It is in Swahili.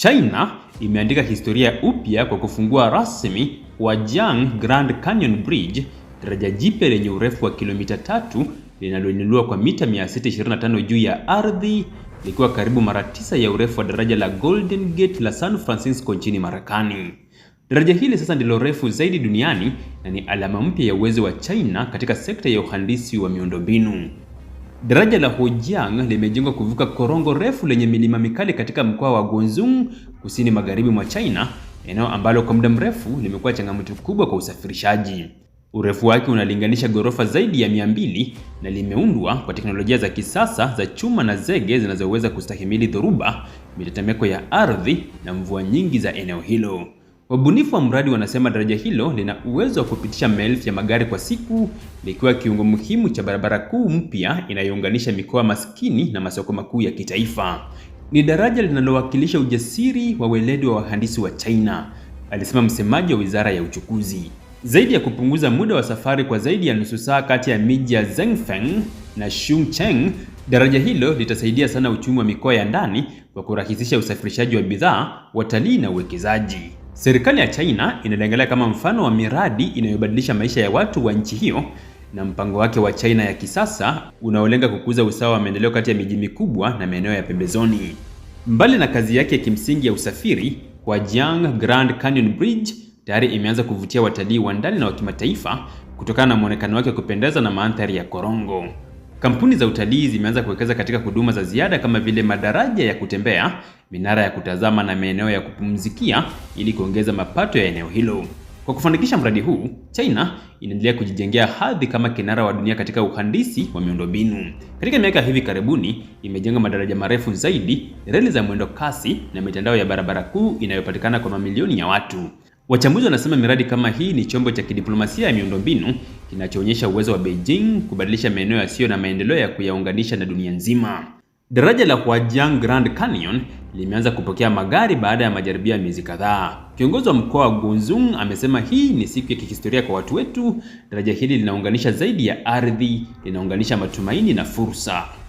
China imeandika historia upya kwa kufungua rasmi Huajiang Grand Canyon Bridge, daraja jipya lenye urefu wa kilomita tatu linaloinuliwa kwa mita 625 juu ya ardhi likiwa karibu mara tisa ya urefu wa daraja la Golden Gate la San Francisco nchini Marekani. Daraja hili sasa ndilo refu zaidi duniani na ni alama mpya ya uwezo wa China katika sekta ya uhandisi wa miundombinu. Daraja la Hujiang limejengwa kuvuka korongo refu lenye milima mikali katika mkoa wa Guangzhou kusini magharibi mwa China, eneo ambalo kwa muda mrefu limekuwa changamoto kubwa kwa usafirishaji. Urefu wake unalinganisha ghorofa zaidi ya mia mbili na limeundwa kwa teknolojia za kisasa za chuma na zege zinazoweza kustahimili dhoruba, mitetemeko ya ardhi na mvua nyingi za eneo hilo. Wabunifu wa mradi wanasema daraja hilo lina uwezo wa kupitisha maelfu ya magari kwa siku, likiwa kiungo muhimu cha barabara kuu mpya inayounganisha mikoa maskini na masoko makuu ya kitaifa. Ni daraja linalowakilisha ujasiri wa weledi wa wahandisi wa China, alisema msemaji wa Wizara ya Uchukuzi. Zaidi ya kupunguza muda wa safari kwa zaidi ya nusu saa kati ya miji ya Zhengfeng na Chongqing, daraja hilo litasaidia sana uchumi wa mikoa ya ndani kwa kurahisisha usafirishaji wa bidhaa, watalii na uwekezaji. Serikali ya China inalengelea kama mfano wa miradi inayobadilisha maisha ya watu wa nchi hiyo na mpango wake wa China ya kisasa unaolenga kukuza usawa wa maendeleo kati ya miji mikubwa na maeneo ya pembezoni. Mbali na kazi yake ya kimsingi ya usafiri, Huajiang Grand Canyon Bridge tayari imeanza kuvutia watalii wa ndani na wa kimataifa kutokana na muonekano wake wa kupendeza na mandhari ya korongo. Kampuni za utalii zimeanza kuwekeza katika huduma za ziada kama vile madaraja ya kutembea, minara ya kutazama na maeneo ya kupumzikia ili kuongeza mapato ya eneo hilo. Kwa kufanikisha mradi huu, China inaendelea kujijengea hadhi kama kinara wa dunia katika uhandisi wa miundombinu. Katika miaka ya hivi karibuni, imejenga madaraja marefu zaidi, reli za mwendo kasi na mitandao ya barabara kuu inayopatikana kwa mamilioni ya watu. Wachambuzi wanasema miradi kama hii ni chombo cha kidiplomasia ya miundombinu kinachoonyesha uwezo wa Beijing kubadilisha maeneo yasiyo na maendeleo ya kuyaunganisha na dunia nzima. Daraja la Huajiang Grand Canyon limeanza kupokea magari baada ya majaribio ya miezi kadhaa. Kiongozi wa mkoa wa Guizhou amesema hii ni siku ya kihistoria kwa watu wetu. Daraja hili linaunganisha zaidi ya ardhi, linaunganisha matumaini na fursa.